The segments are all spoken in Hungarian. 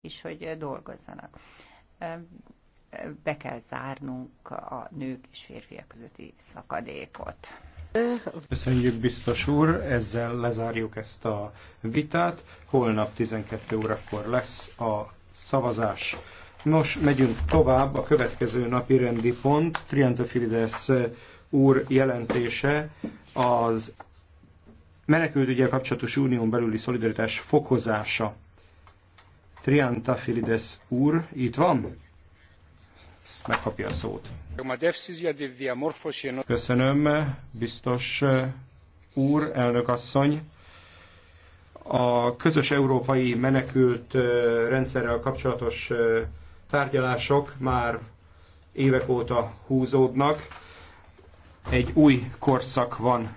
és hogy dolgozzanak. Be kell zárnunk a nők és férfiak közötti szakadékot. Köszönjük, biztos úr, ezzel lezárjuk ezt a vitát. Holnap 12 órakor lesz a szavazás. Nos, megyünk tovább, a következő napi rendi pont, filides úr jelentése az menekültügyel kapcsolatos unión belüli szolidaritás fokozása. Triantafilides Filides úr itt van? Megkapja a szót. Köszönöm, biztos eh, úr, elnök asszony. A közös európai menekült eh, rendszerrel kapcsolatos eh, tárgyalások már évek óta húzódnak. Egy új korszak van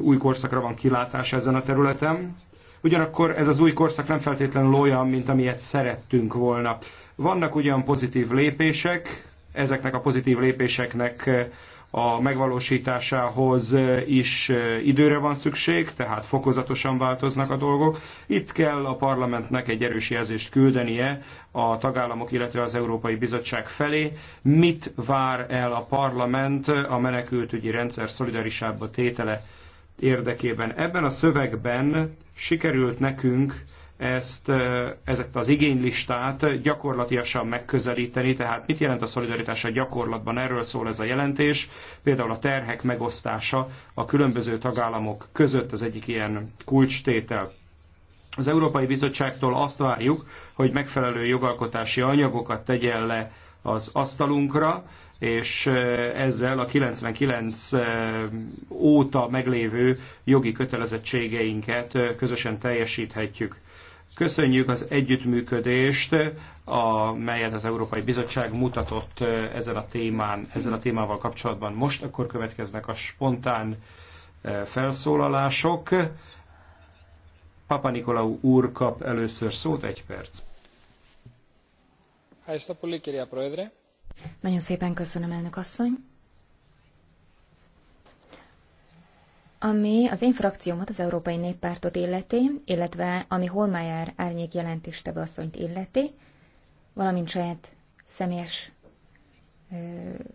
új korszakra van kilátás ezen a területen. Ugyanakkor ez az új korszak nem feltétlenül olyan, mint amilyet szerettünk volna. Vannak ugyan pozitív lépések, ezeknek a pozitív lépéseknek eh, a megvalósításához eh, is eh, időre van szükség, tehát fokozatosan változnak a dolgok. Itt kell a parlamentnek egy erős jelzést küldenie a tagállamok, illetve az Európai Bizottság felé. Mit vár el a parlament a menekültügyi rendszer szolidarisába tétele érdekében. Ebben a szövegben sikerült nekünk ezt, ezt az igénylistát gyakorlatiasan megközelíteni, tehát mit jelent a szolidaritás a gyakorlatban, erről szól ez a jelentés, például a terhek megosztása a különböző tagállamok között az egyik ilyen kulcstétel. Az Európai Bizottságtól azt várjuk, hogy megfelelő jogalkotási anyagokat tegyen le az asztalunkra, és ezzel a 99 óta meglévő jogi kötelezettségeinket közösen teljesíthetjük. Köszönjük az együttműködést, amelyet az Európai Bizottság mutatott ezen a témán, ezzel a témával kapcsolatban. Most akkor következnek a spontán felszólalások. Papa Nikolau úr kap először szót, egy perc. Köszönöm, nagyon szépen köszönöm, elnök asszony. Ami az én frakciómat, az Európai Néppártot illeti, illetve ami Holmájár árnyék jelentéstevő asszonyt illeti, valamint saját személyes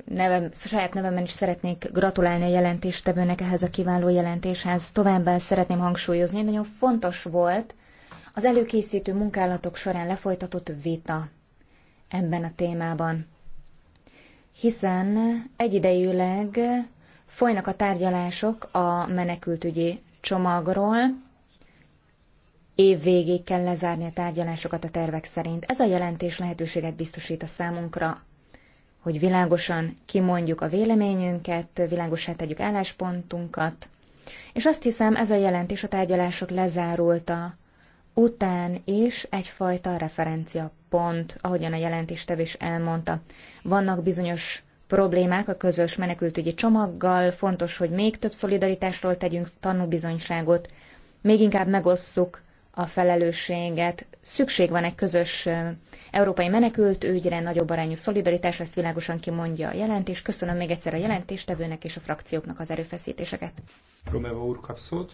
nevem, saját nevemben is szeretnék gratulálni a jelentéstevőnek ehhez a kiváló jelentéshez. Továbbá szeretném hangsúlyozni, nagyon fontos volt az előkészítő munkálatok során lefolytatott vita ebben a témában hiszen egyidejűleg folynak a tárgyalások a menekültügyi csomagról, év végéig kell lezárni a tárgyalásokat a tervek szerint. Ez a jelentés lehetőséget biztosít a számunkra, hogy világosan kimondjuk a véleményünket, világosan tegyük álláspontunkat, és azt hiszem, ez a jelentés a tárgyalások lezárulta után is egyfajta referencia pont, ahogyan a jelentéstev is elmondta. Vannak bizonyos problémák a közös menekültügyi csomaggal, fontos, hogy még több szolidaritásról tegyünk tanúbizonyságot, még inkább megosszuk a felelősséget. Szükség van egy közös európai ügyre, nagyobb arányú szolidaritás, ezt világosan kimondja a jelentés. Köszönöm még egyszer a jelentéstevőnek és a frakcióknak az erőfeszítéseket. Romeva úr kapszót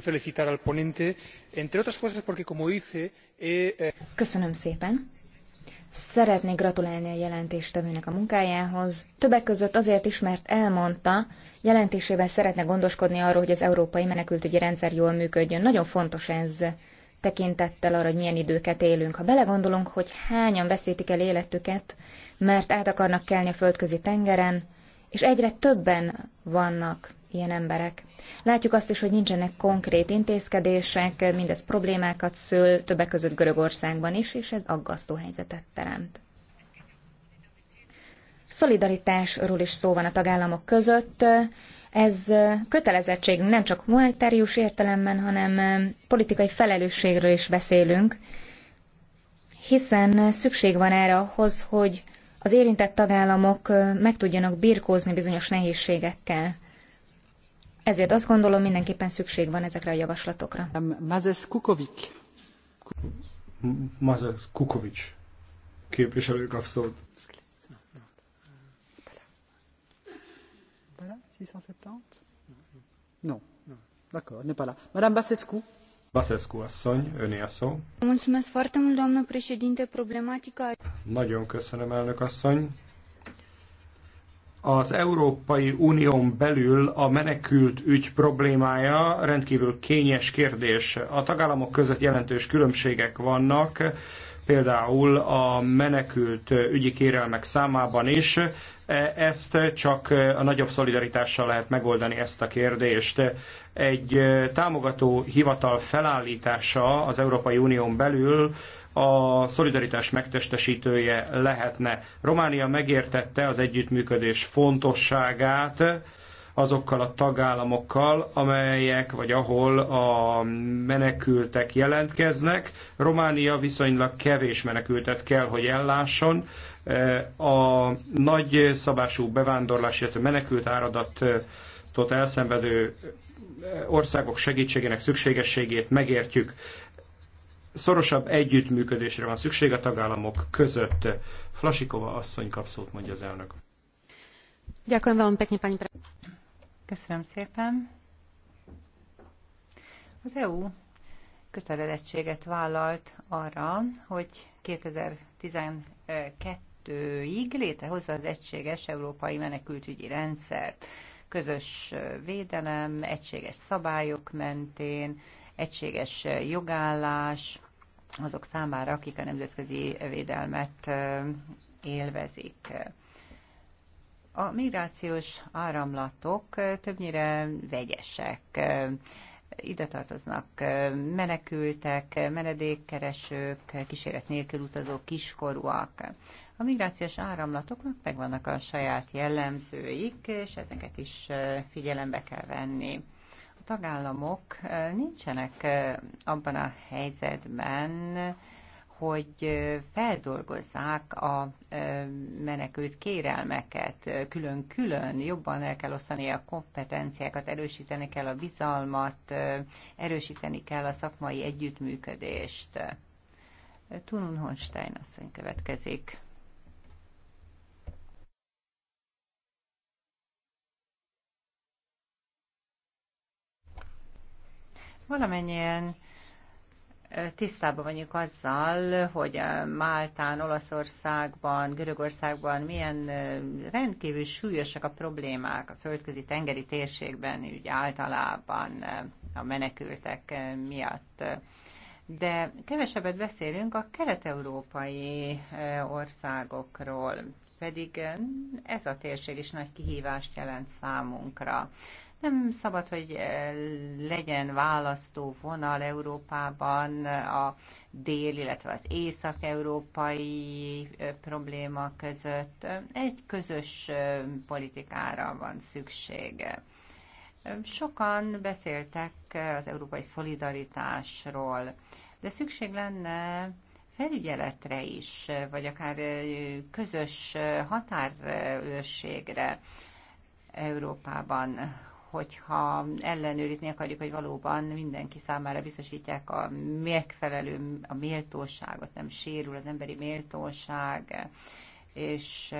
felicitar al ponente, entre otras cosas porque como dice... Eh, eh, Köszönöm szépen. Szeretnék gratulálni a jelentéstevőnek a munkájához, többek között azért is, mert elmondta, jelentésében szeretne gondoskodni arról, hogy az európai menekültügyi rendszer jól működjön. Nagyon fontos ez tekintettel arra, hogy milyen időket élünk. Ha belegondolunk, hogy hányan veszítik el életüket, mert át akarnak kelni a földközi tengeren, és egyre többen vannak ilyen emberek. Látjuk azt is, hogy nincsenek konkrét intézkedések, mindez problémákat szül, többek között Görögországban is, és ez aggasztó helyzetet teremt. Szolidaritásról is szó van a tagállamok között. Ez kötelezettségünk nem csak monetárius értelemben, hanem politikai felelősségről is beszélünk, hiszen szükség van erre ahhoz, hogy az érintett tagállamok meg tudjanak birkózni bizonyos nehézségekkel. Ezért azt gondolom, mindenképpen szükség van ezekre a javaslatokra. Mazes Kukovic. Mazes Kukovic képviselő kap szót. Voilà, 670 Non. D'accord, ne pas là. Madame Basescu. Basescu asszony, öné a szó. Mulțumesc foarte mult, doamnă președinte, problematica... Nagyon köszönöm, elnök asszony az Európai Unión belül a menekült ügy problémája rendkívül kényes kérdés. A tagállamok között jelentős különbségek vannak, például a menekült ügyi kérelmek számában is. E, ezt csak a nagyobb szolidaritással lehet megoldani ezt a kérdést. Egy támogató hivatal felállítása az Európai Unión belül a szolidaritás megtestesítője lehetne. Románia megértette az együttműködés fontosságát azokkal a tagállamokkal, amelyek vagy ahol a menekültek jelentkeznek. Románia viszonylag kevés menekültet kell, hogy ellásson. A nagy szabású bevándorlás, illetve menekült áradatot elszenvedő országok segítségének szükségességét megértjük szorosabb együttműködésre van szükség a tagállamok között. Flasikova asszony kap szót, mondja az elnök. Köszönöm szépen. Az EU kötelezettséget vállalt arra, hogy 2012-ig létrehozza az egységes európai menekültügyi rendszert. Közös védelem, egységes szabályok mentén, egységes jogállás azok számára, akik a nemzetközi védelmet élvezik. A migrációs áramlatok többnyire vegyesek. Ide tartoznak menekültek, menedékkeresők, kíséret nélkül utazó kiskorúak. A migrációs áramlatoknak megvannak a saját jellemzőik, és ezeket is figyelembe kell venni tagállamok eh, nincsenek eh, abban a helyzetben, hogy eh, feldolgozzák a menekült kérelmeket külön-külön, jobban el kell osztani a kompetenciákat, erősíteni kell a bizalmat, erősíteni kell a szakmai együttműködést. Tunun Honstein asszony következik. valamennyien tisztában vagyunk azzal, hogy Máltán, Olaszországban, Görögországban milyen rendkívül súlyosak a problémák a földközi tengeri térségben, úgy általában a menekültek miatt. De kevesebbet beszélünk a kelet-európai országokról, pedig ez a térség is nagy kihívást jelent számunkra. Nem szabad, hogy legyen választó vonal Európában a dél, illetve az észak-európai probléma között. Egy közös politikára van szüksége. Sokan beszéltek az európai szolidaritásról, de szükség lenne felügyeletre is, vagy akár közös határőrségre Európában, hogyha ellenőrizni akarjuk, hogy valóban mindenki számára biztosítják a megfelelő, a méltóságot, nem sérül az emberi méltóság, és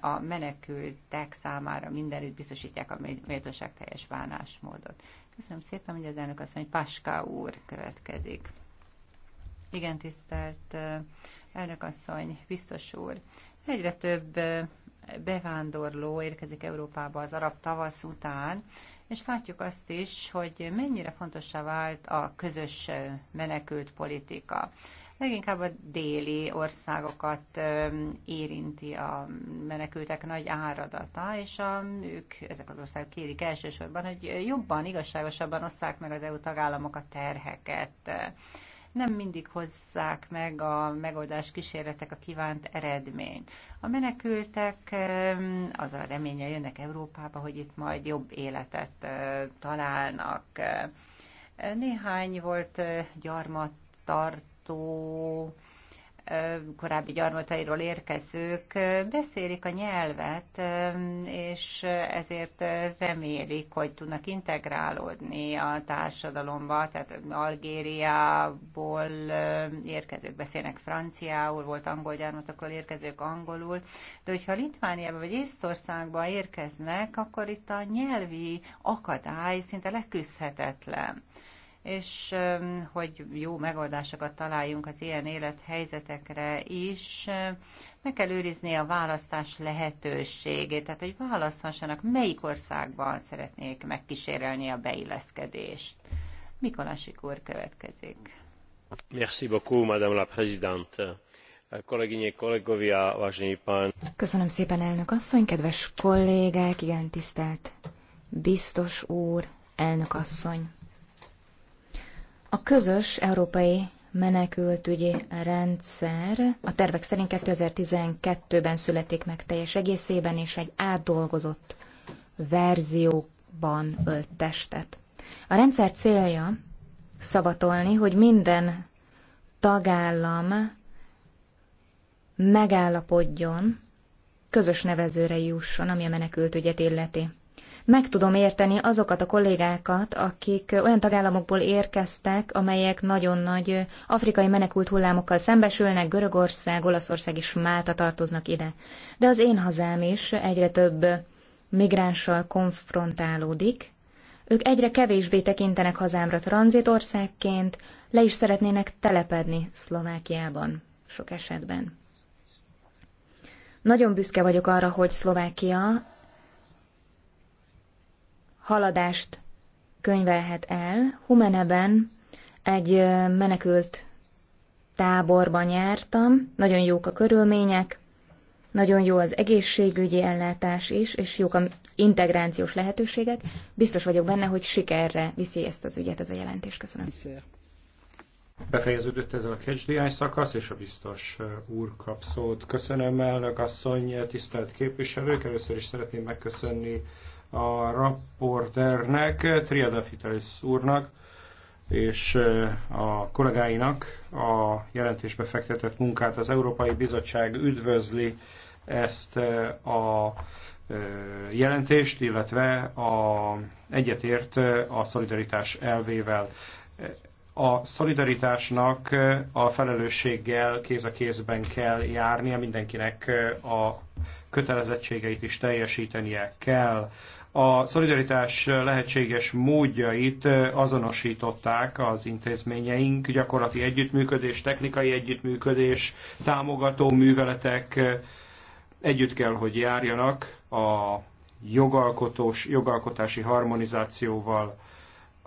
a menekültek számára mindenütt biztosítják a méltóság teljes bánásmódot. Köszönöm szépen, hogy az elnök hogy Paska úr következik. Igen, tisztelt elnökasszony, biztos úr. Egyre több bevándorló érkezik Európába az arab tavasz után, és látjuk azt is, hogy mennyire fontosá vált a közös menekült politika. Leginkább a déli országokat érinti a menekültek nagy áradata, és a, ők, ezek az országok kérik elsősorban, hogy jobban, igazságosabban osszák meg az EU tagállamok a terheket nem mindig hozzák meg a megoldás kísérletek a kívánt eredményt. A menekültek az a reménye jönnek Európába, hogy itt majd jobb életet találnak. Néhány volt gyarmattartó, korábbi gyarmatairól érkezők beszélik a nyelvet, és ezért remélik, hogy tudnak integrálódni a társadalomba, tehát Algériából érkezők beszélnek franciául, volt angol gyarmatokról érkezők angolul, de hogyha Litvániába vagy Észtországba érkeznek, akkor itt a nyelvi akadály szinte leküzdhetetlen és hogy jó megoldásokat találjunk az ilyen élethelyzetekre is, meg kell őrizni a választás lehetőségét, tehát hogy választhassanak, melyik országban szeretnék megkísérelni a beilleszkedést. Mikolasik úr következik. Merci beaucoup, Madame la Présidente. kollégovia, pán. Köszönöm szépen, elnök asszony, kedves kollégák, igen, tisztelt biztos úr, elnök asszony. A közös európai menekültügyi rendszer a tervek szerint 2012-ben születik meg teljes egészében, és egy átdolgozott verzióban ölt testet. A rendszer célja szavatolni, hogy minden tagállam megállapodjon, közös nevezőre jusson, ami a menekültügyet illeti meg tudom érteni azokat a kollégákat, akik olyan tagállamokból érkeztek, amelyek nagyon nagy afrikai menekült hullámokkal szembesülnek, Görögország, Olaszország és Málta tartoznak ide. De az én hazám is egyre több migránssal konfrontálódik. Ők egyre kevésbé tekintenek hazámra tranzitországként, le is szeretnének telepedni Szlovákiában sok esetben. Nagyon büszke vagyok arra, hogy Szlovákia haladást könyvelhet el. Humeneben egy menekült táborban jártam, nagyon jók a körülmények, nagyon jó az egészségügyi ellátás is, és jók az integrációs lehetőségek. Biztos vagyok benne, hogy sikerre viszi ezt az ügyet ez a jelentés. Köszönöm. Befejeződött ezen a KSDI szakasz, és a biztos úr kap szót. Köszönöm, elnök asszony, tisztelt képviselők! Először is szeretném megköszönni a rapporternek, Triada Fitalis úrnak, és a kollégáinak a jelentésbe fektetett munkát. Az Európai Bizottság üdvözli ezt a jelentést, illetve a, egyetért a szolidaritás elvével a szolidaritásnak a felelősséggel kéz a kézben kell járnia, mindenkinek a kötelezettségeit is teljesítenie kell. A szolidaritás lehetséges módjait azonosították az intézményeink, gyakorlati együttműködés, technikai együttműködés, támogató műveletek együtt kell, hogy járjanak a jogalkotós, jogalkotási harmonizációval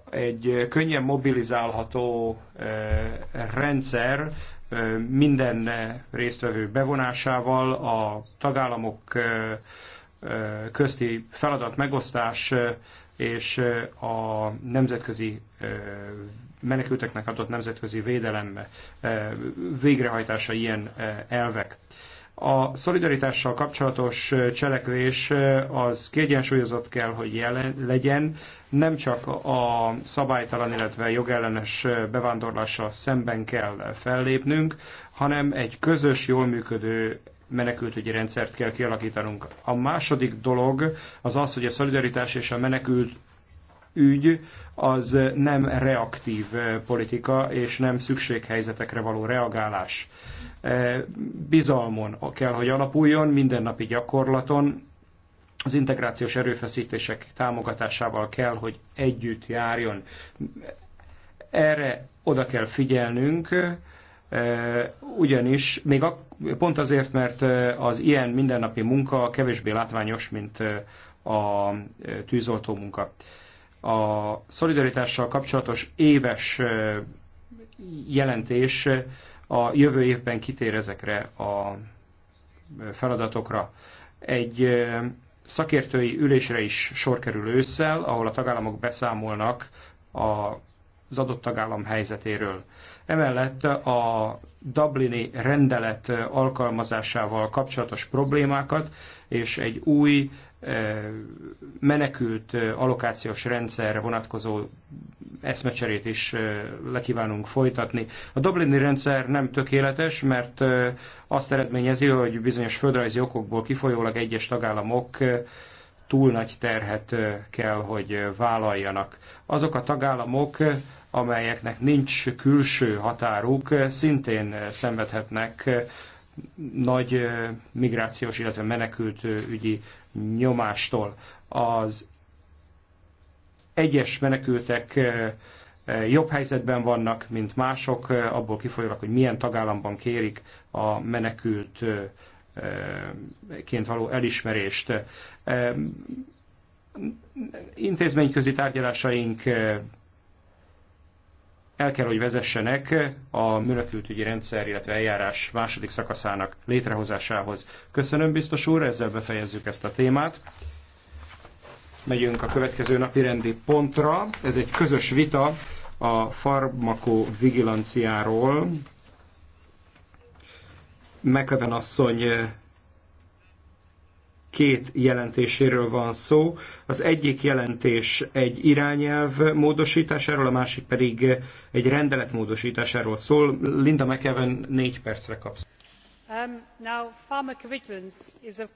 egy könnyen mobilizálható eh, rendszer eh, minden résztvevő bevonásával a tagállamok eh, közti feladat megosztás és a nemzetközi menekülteknek adott nemzetközi védelem végrehajtása ilyen elvek. A szolidaritással kapcsolatos cselekvés az kiegyensúlyozott kell, hogy jelen legyen, nem csak a szabálytalan, illetve jogellenes bevándorlással szemben kell fellépnünk, hanem egy közös, jól működő menekültügyi rendszert kell kialakítanunk. A második dolog az az, hogy a szolidaritás és a menekült ügy az nem reaktív eh, politika, és nem szükséghelyzetekre való reagálás. Eh, bizalmon kell, hogy alapuljon, mindennapi gyakorlaton, az integrációs erőfeszítések támogatásával kell, hogy együtt járjon. Erre oda kell figyelnünk, eh, ugyanis még a, pont azért, mert az ilyen mindennapi munka kevésbé látványos, mint a tűzoltó munka. A szolidaritással kapcsolatos éves jelentés a jövő évben kitér ezekre a feladatokra. Egy szakértői ülésre is sor kerül ősszel, ahol a tagállamok beszámolnak az adott tagállam helyzetéről. Emellett a Dublini rendelet alkalmazásával kapcsolatos problémákat és egy új eh, menekült eh, allokációs rendszerre vonatkozó eszmecserét is eh, lekívánunk folytatni. A Dublini rendszer nem tökéletes, mert azt eredményezi, hogy bizonyos földrajzi okokból kifolyólag egyes tagállamok túl nagy terhet kell, hogy vállaljanak. Azok a tagállamok, amelyeknek nincs külső határuk, szintén szenvedhetnek nagy migrációs, illetve menekült ügyi nyomástól. Az egyes menekültek jobb helyzetben vannak, mint mások, abból kifolyólag, hogy milyen tagállamban kérik a menekült ként való elismerést. Intézményközi tárgyalásaink el kell, hogy vezessenek a menekültügyi rendszer, illetve eljárás második szakaszának létrehozásához. Köszönöm, biztos úr, ezzel befejezzük ezt a témát. Megyünk a következő napi rendi pontra. Ez egy közös vita a farmakovigilanciáról. McEwen asszony két jelentéséről van szó. Az egyik jelentés egy irányelv módosításáról, a másik pedig egy rendelet módosításáról szól. Linda McEwen négy percre kapsz. Um, now,